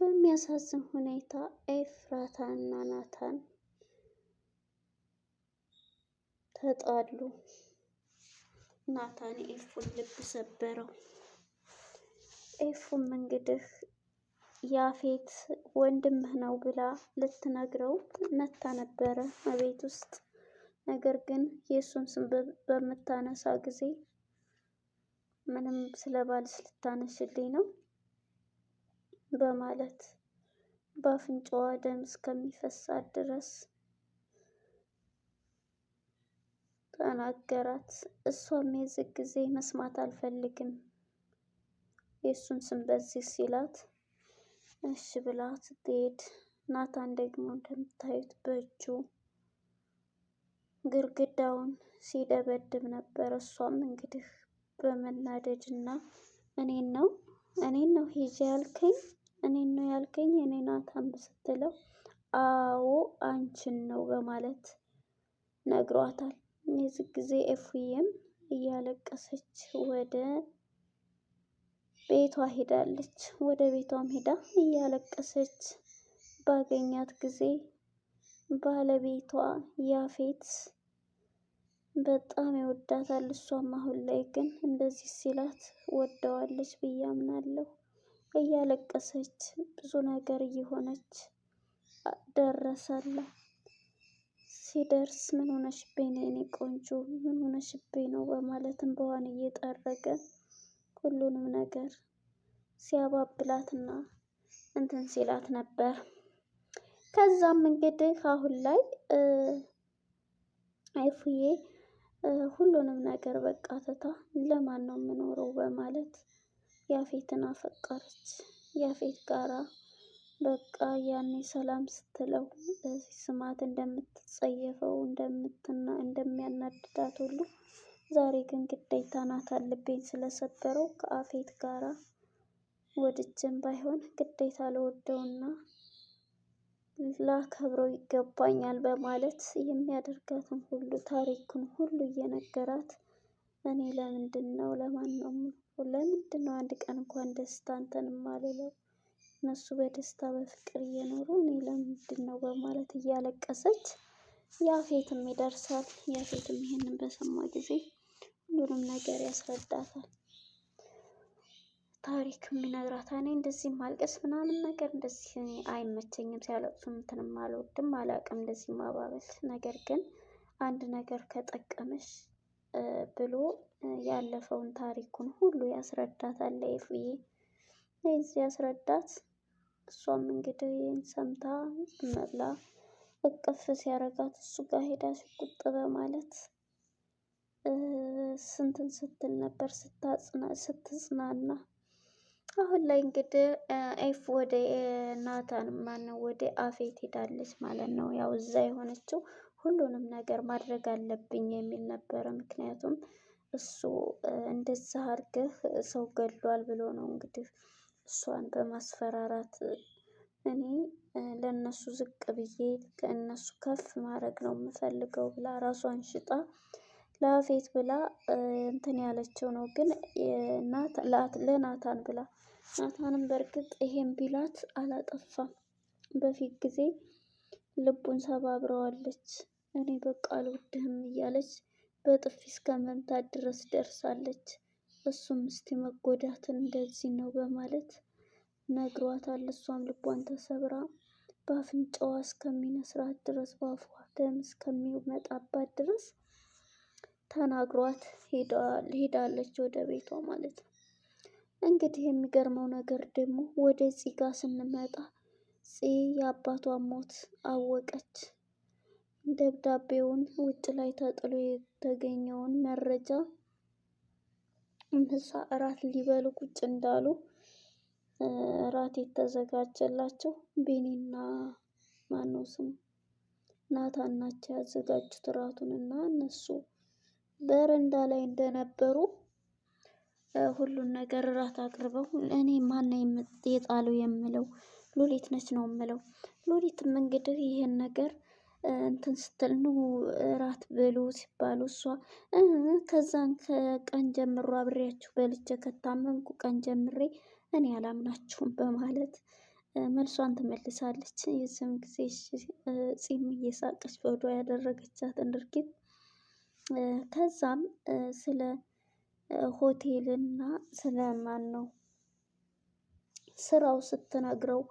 በሚያሳዝን ሁኔታ ኤፍራታና ናታን ተጣሉ። ናታን ኤፉን ልብ ሰበረው። ኤፉም እንግዲህ ያፌት ወንድምህ ነው ብላ ልትነግረው መታ ነበረ ቤት ውስጥ። ነገር ግን የእሱን ስም በምታነሳ ጊዜ ምንም ስለ ባልሽ ልታነሽልኝ ነው በማለት በአፍንጫዋ ደም እስከሚፈሳት ድረስ ተናገራት። እሷም የዚህ ጊዜ መስማት አልፈልግም የእሱን ስም በዚህ ሲላት እሺ ብላ ስትሄድ ናታን ደግሞ እንደምታዩት በእጁ ግርግዳውን ሲደበድብ ነበር። እሷም እንግዲህ በመናደድ እና እኔን ነው እኔን ነው ሂጂ ያልከኝ እኔን ነው ያልከኝ የኔ ናታን ስትለው አዎ አንቺን ነው በማለት ነግሯታል። የዚህ ጊዜ ኤፉዬም እያለቀሰች ወደ ቤቷ ሄዳለች። ወደ ቤቷም ሄዳ እያለቀሰች ባገኛት ጊዜ ባለቤቷ ያፌት በጣም ይወዳታል። እሷም አሁን ላይ ግን እንደዚህ ሲላት ወደዋለች ብዬ አምናለሁ። እያለቀሰች ብዙ ነገር እየሆነች ደረሰላት። ሲደርስ ምን ሆነሽብኝ ነው የኔ ቆንጆ፣ ምን ሆነሽብኝ ነው በማለትም በዋን እየጠረገ ሁሉንም ነገር ሲያባብላትና እንትን ሲላት ነበር። ከዛም እንግዲህ አሁን ላይ አይፉዬ ሁሉንም ነገር በቃ ትታ ለማን ነው የምኖረው በማለት ያፌትን አፈቀረች። ያፌት ጋራ በቃ ያኔ ሰላም ስትለው ስማት እንደምትጸየፈው እንደምትና እንደሚያናድዳት ሁሉ ዛሬ ግን ግዴታ ናት አልቤን ስለሰበረው ከአፌት ጋራ ወድጅን ባይሆን ግዴታ ለወደውና ላከብረው ይገባኛል በማለት የሚያደርጋትን ሁሉ ታሪኩን ሁሉ እየነገራት እኔ ለምንድን ነው ለማን ነው የምኖረው? ለምንድን ነው አንድ ቀን እንኳን ደስታ እንትን የማልለው? እነሱ በደስታ በፍቅር እየኖሩ እኔ ለምንድን ነው በማለት እያለቀሰች ያፌትም ይደርሳል። ያፌትም ይሄንን በሰማ ጊዜ ሁሉንም ነገር ያስረዳታል። ታሪክም ይነግራታል። እኔ እንደዚህ ማልቀስ ምናምን ነገር እንደዚህ አይመቸኝም፣ ሲያለቅሱ እንትንም አልወድም፣ አላቅም እንደዚህ ማባበል ነገር ግን አንድ ነገር ከጠቀመሽ ብሎ ያለፈውን ታሪኩን ሁሉ ያስረዳታል ለኤፉዬ። ለዚህ ያስረዳት እሷም እንግዲህ ይህን ሰምታ መብላ እቅፍ ሲያረጋት እሱ ጋር ሄዳ በማለት ስንትን ስትል ነበር ስትጽናና። አሁን ላይ እንግዲህ ኤፍ ወደ ናታን ማነው ወደ አፌት ሄዳለች ማለት ነው። ያው እዛ የሆነችው ሁሉንም ነገር ማድረግ አለብኝ የሚል ነበረ። ምክንያቱም እሱ እንደዛ አድርገህ ሰው ገድሏል ብሎ ነው እንግዲህ እሷን በማስፈራራት እኔ ለእነሱ ዝቅ ብዬ ከእነሱ ከፍ ማድረግ ነው የምፈልገው ብላ ራሷን ሽጣ ለአፌት ብላ እንትን ያለችው ነው። ግን ለናታን ብላ ናታንም በእርግጥ ይሄን ቢላት አላጠፋም። በፊት ጊዜ ልቡን ሰባብረዋለች። እኔ በቃ አልወድህም እያለች በጥፊ እስከ መምታት ድረስ ደርሳለች። እሱም እስቲ መጎዳትን እንደዚህ ነው በማለት ነግሯታል። እሷም ልቧን ተሰብራ በአፍንጫዋ እስከሚነስራት ድረስ በአፏ ደም እስከሚመጣባት ድረስ ተናግሯት ሄዳለች ወደ ቤቷ ማለት ነው። እንግዲህ የሚገርመው ነገር ደግሞ ወደ ፂ ጋ ስንመጣ ጽ የአባቷ ሞት አወቀች። ደብዳቤውን ውጭ ላይ ተጥሎ የተገኘውን መረጃ ምሳ እራት ሊበሉ ቁጭ እንዳሉ እራት የተዘጋጀላቸው ቤኒና ማነው ስሙ ናታን ናቸው ያዘጋጁት እራቱን እና እነሱ በረንዳ ላይ እንደነበሩ ሁሉን ነገር እራት አቅርበው እኔ ማነ የጣለው የምለው ሉሊት ነች ነው የምለው ሉሊትም እንግዲህ ይህን ነገር እንትን ስትል ኑ እራት ብሉ ሲባሉ እሷ ከዛን ከቀን ጀምሮ አብሬያችሁ በልቼ ከታመምኩ ቀን ጀምሬ እኔ አላምናችሁም በማለት መልሷን ትመልሳለች። የዚህም ጊዜ ፂም እየሳቀች በወዷ ያደረገቻትን ድርጊት ከዛም ስለ ሆቴልና ስለ ማን ነው ስራው ስትነግረው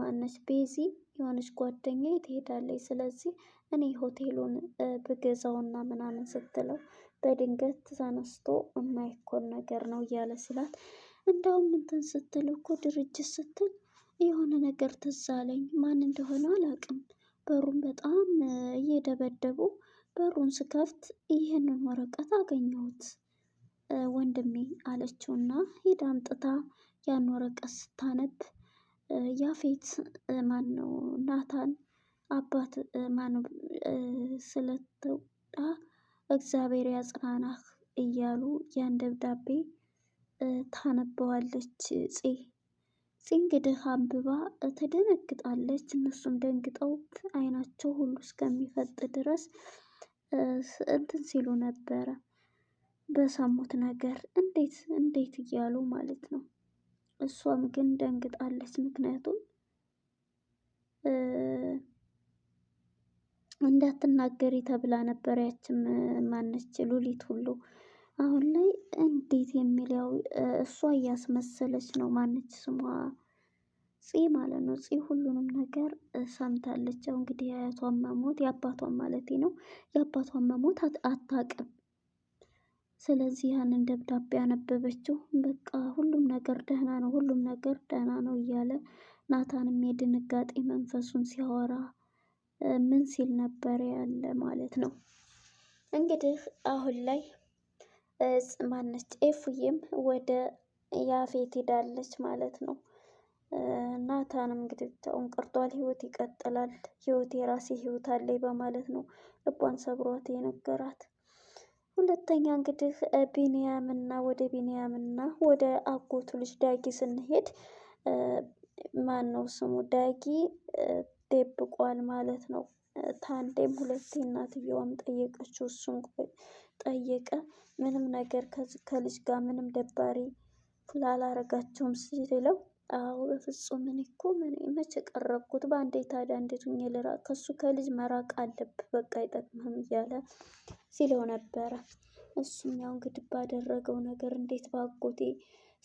ማነች ቤዚ የሆነች ጓደኛ ትሄዳለች። ስለዚህ እኔ ሆቴሉን ብገዛውና ምናምን ስትለው በድንገት ተነስቶ የማይኮን ነገር ነው እያለ ሲላት፣ እንደውም እንትን ስትል እኮ ድርጅት ስትል የሆነ ነገር ትዝ አለኝ። ማን እንደሆነ አላውቅም። በሩን በጣም እየደበደቡ በሩን ስከፍት ይህንን ወረቀት አገኘሁት ወንድሜ አለችውና ሂዳ አምጥታ ያን ወረቀት ስታነብ ያፌት ማን ነው ናታን አባት ማን ስለተወጣ እግዚአብሔር ያጽናናህ እያሉ ያን ደብዳቤ ታነበዋለች። ጽ ጽ እንግዲህ አንብባ ትደነግጣለች። እነሱም ደንግጠው አይናቸው ሁሉ እስከሚፈጥ ድረስ እንትን ሲሉ ነበረ በሰሙት ነገር እንዴት እንዴት እያሉ ማለት ነው። እሷም ግን ደንግጣለች። ምክንያቱም እንዳትናገሪ ተብላ ነበር ያችም ማነች ሉሊት ሁሉ አሁን ላይ እንዴት የሚል ያው እሷ እያስመሰለች ነው። ማነች ስሟ ፂ ማለት ነው። ፂ ሁሉንም ነገር ሰምታለች። ያው እንግዲህ የአያቷን መሞት የአባቷን ማለት ነው የአባቷን መሞት አታውቅም። ስለዚህ ያንን ደብዳቤ ያነበበችው በቃ ሁሉም ነገር ደህና ነው፣ ሁሉም ነገር ደህና ነው እያለ ናታንም የድንጋጤ መንፈሱን ሲያወራ ምን ሲል ነበር ያለ ማለት ነው። እንግዲህ አሁን ላይ ማነች ኤፉዬም ወደ ያፌት ሄዳለች ማለት ነው። ናታንም እንግዲህ ብቻውን ቀርቷል። ህይወት ይቀጥላል፣ ህይወት የራሴ ህይወት አለኝ በማለት ነው ልቧን ሰብሯት የነገራት። ሁለተኛ እንግዲህ ቢንያምና ወደ ቢንያምና ወደ አጎቱ ልጅ ዳጊ ስንሄድ ማን ነው ስሙ ዳጊ ደብቋል ማለት ነው። ታንዴም ሁለቴ እናትየዋም ጠየቀችው፣ እሱም ጠየቀ። ምንም ነገር ከልጅ ጋር ምንም ደባሪ ስላላረጋቸውም ሲለው አዎ በፍጹም እኔ እኮ ምን መቼ ቀረብኩት? በአንዴ ታዲያ እንዴት ሆኜ ከሱ ከልጅ መራቅ አለብህ፣ በቃ አይጠቅምህም እያለ ሲለው ነበረ። እሱም ያው እንግዲህ ባደረገው ነገር እንዴት ባጎቴ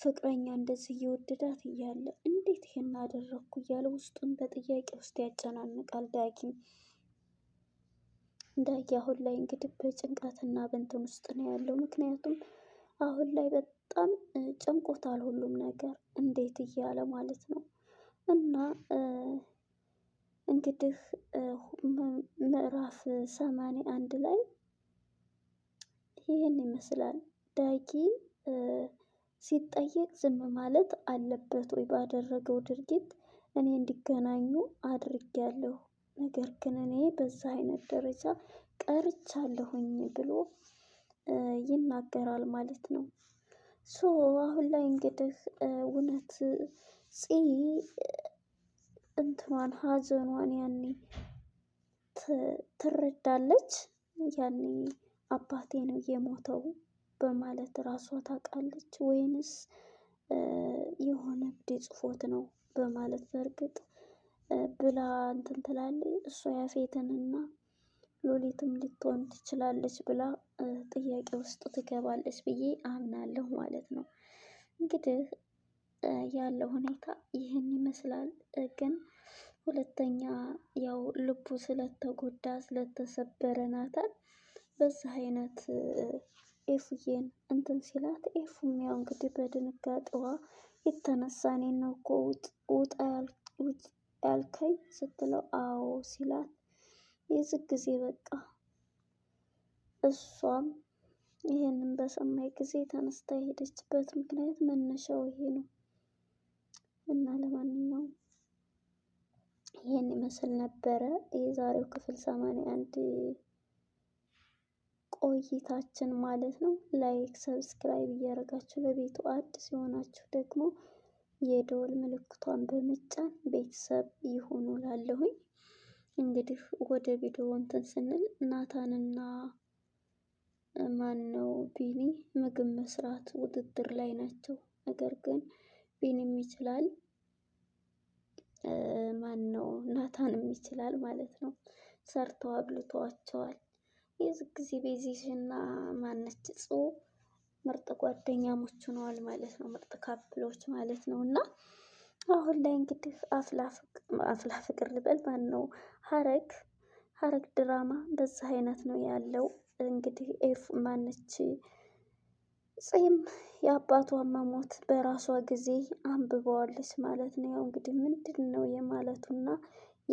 ፍቅረኛ እንደዚህ እየወደዳት እያለ እንዴት ይሄን አደረግኩ እያለ ውስጡን በጥያቄ ውስጥ ያጨናንቃል ዳጊ። ዳጊ አሁን ላይ እንግዲህ በጭንቀትና በእንትን ውስጥ ነው ያለው። ምክንያቱም አሁን ላይ በጣም ጨንቆታል ሁሉም ነገር እንዴት እያለ ማለት ነው። እና እንግዲህ ምዕራፍ ሰማንያ አንድ ላይ ይህን ይመስላል ዳጊ ሲጠየቅ ዝም ማለት አለበት ወይ? ባደረገው ድርጊት እኔ እንዲገናኙ አድርጊያለሁ፣ ነገር ግን እኔ በዛ አይነት ደረጃ ቀርቻለሁኝ ብሎ ይናገራል ማለት ነው። ሶ አሁን ላይ እንግዲህ እውነት ፂ እንትኗን ሀዘኗን ያኔ ትረዳለች። ያኔ አባቴ ነው የሞተው በማለት ራሷ ታውቃለች፣ ወይንስ የሆነ እብድ ጽፎት ነው በማለት በእርግጥ ብላ እንትን ትላለች እሷ ያፌትንና ሎሊትም ልትሆን ትችላለች ብላ ጥያቄ ውስጥ ትገባለች ብዬ አምናለሁ ማለት ነው። እንግዲህ ያለው ሁኔታ ይህን ይመስላል። ግን ሁለተኛ ያው ልቡ ስለተጎዳ ስለተሰበረ ናታል በዚህ አይነት ኤፉዬን እንትን ሲላት ኤፉም ያው እንግዲህ በድንጋጤዋ የተነሳ እኔን ነው እኮ ውጣ ያልከኝ ስትለው አዎ ሲላት የዝግ ጊዜ በቃ እሷም ይህንን በሰማይ ጊዜ ተነስታ የሄደችበት ምክንያት መነሻው ይሄ ነው እና ለማንኛውም ይህን ይመስል ነበረ የዛሬው ክፍል ሰማንያ አንድ ቆይታችን ማለት ነው። ላይክ ሰብስክራይብ እያደረጋችሁ ለቤቱ አዲስ የሆናችሁ ደግሞ የደወል ምልክቷን በመጫን ቤተሰብ ይሁኑ ላለሁኝ እንግዲህ ወደ ቪዲዮ እንትን ስንል ናታንና ማን ነው ቢኒ ምግብ መስራት ውድድር ላይ ናቸው። ነገር ግን ቢኒም ይችላል ማን ነው ናታንም ይችላል ማለት ነው። ሰርተው አብልተዋቸዋል። የዚህ ጊዜ እና ማነች ጽ ምርጥ ጓደኛሞች ሆነዋል ማለት ነው። ምርጥ ካፕሎች ማለት ነው እና አሁን ላይ እንግዲህ አፍላ ፍቅር ልበል ማን ነው ሀረግ ሀረግ ድራማ በዛ አይነት ነው ያለው። እንግዲህ ኤፍ ማነች ጽም የአባቷ መሞት በራሷ ጊዜ አንብበዋለች ማለት ነው። ያው እንግዲህ ምንድን ነው የማለቱና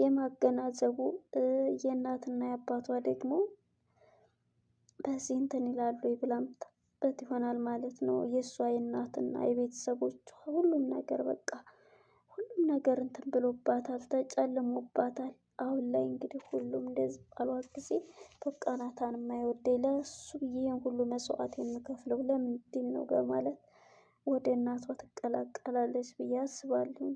የማገናዘቡ የእናትና የአባቷ ደግሞ በዚህ እንትን ይላሉ በት ይሆናል ማለት ነው። የእሷ የእናትና የቤተሰቦቿ ሁሉም ነገር በቃ ነገር እንትን ብሎባታል፣ ተጨልሞባታል። አሁን ላይ እንግዲህ ሁሉም እንደዚህ ባሏት ጊዜ በቃ ናታን የማይወደኝ ይህን ሁሉ መስዋዕት የምከፍለው ለምንድን ነው በማለት ወደ እናቷ ትቀላቀላለች ብዬ አስባለሁ።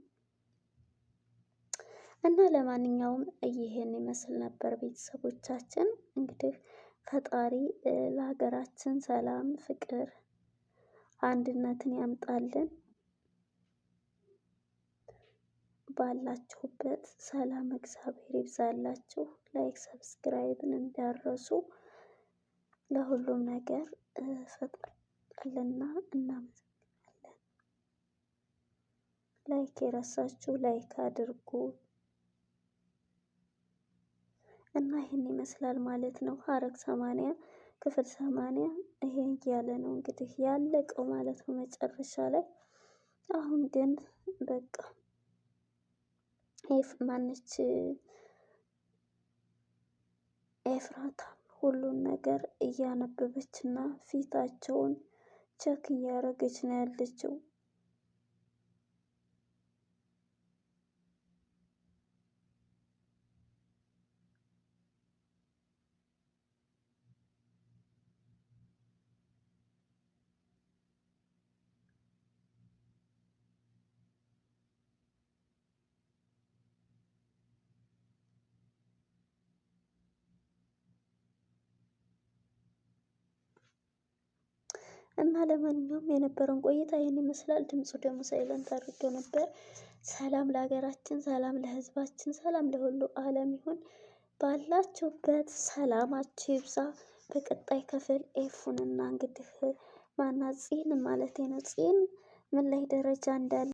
እና ለማንኛውም ይህን ይመስል ነበር ቤተሰቦቻችን። እንግዲህ ፈጣሪ ለሀገራችን ሰላም፣ ፍቅር፣ አንድነትን ያምጣልን። ባላችሁበት ሰላም እግዚአብሔር ይብዛላችሁ። ላይክ ሰብስክራይብን እንዳረሱ ለሁሉም ነገር ፈጥራልና እናመሰግናለን። ላይክ የረሳችሁ ላይክ አድርጉ እና ይህን ይመስላል ማለት ነው ሐረግ ሰማንያ ክፍል ሰማንያ ይሄ ያለ ነው እንግዲህ ያለቀው ማለት ነው መጨረሻ ላይ አሁን ግን በቃ ኤፍ ማነች ኤፍራታ ሁሉን ነገር እያነበበች እና ፊታቸውን ቸክ እያደረገች ነው ያለችው። እና ለማንኛውም የነበረውን ቆይታ ይህን ይመስላል። ድምፁ ደግሞ ሳይለንት አድርጌው ነበር። ሰላም ለሀገራችን፣ ሰላም ለህዝባችን ሰላም ለሁሉ ዓለም ይሁን። ባላችሁበት ሰላማችሁ ይብዛ። በቀጣይ ክፍል ኤፉን እና እንግዲህ ማናጺን ማለት ነው ጺን ምን ላይ ደረጃ እንዳለ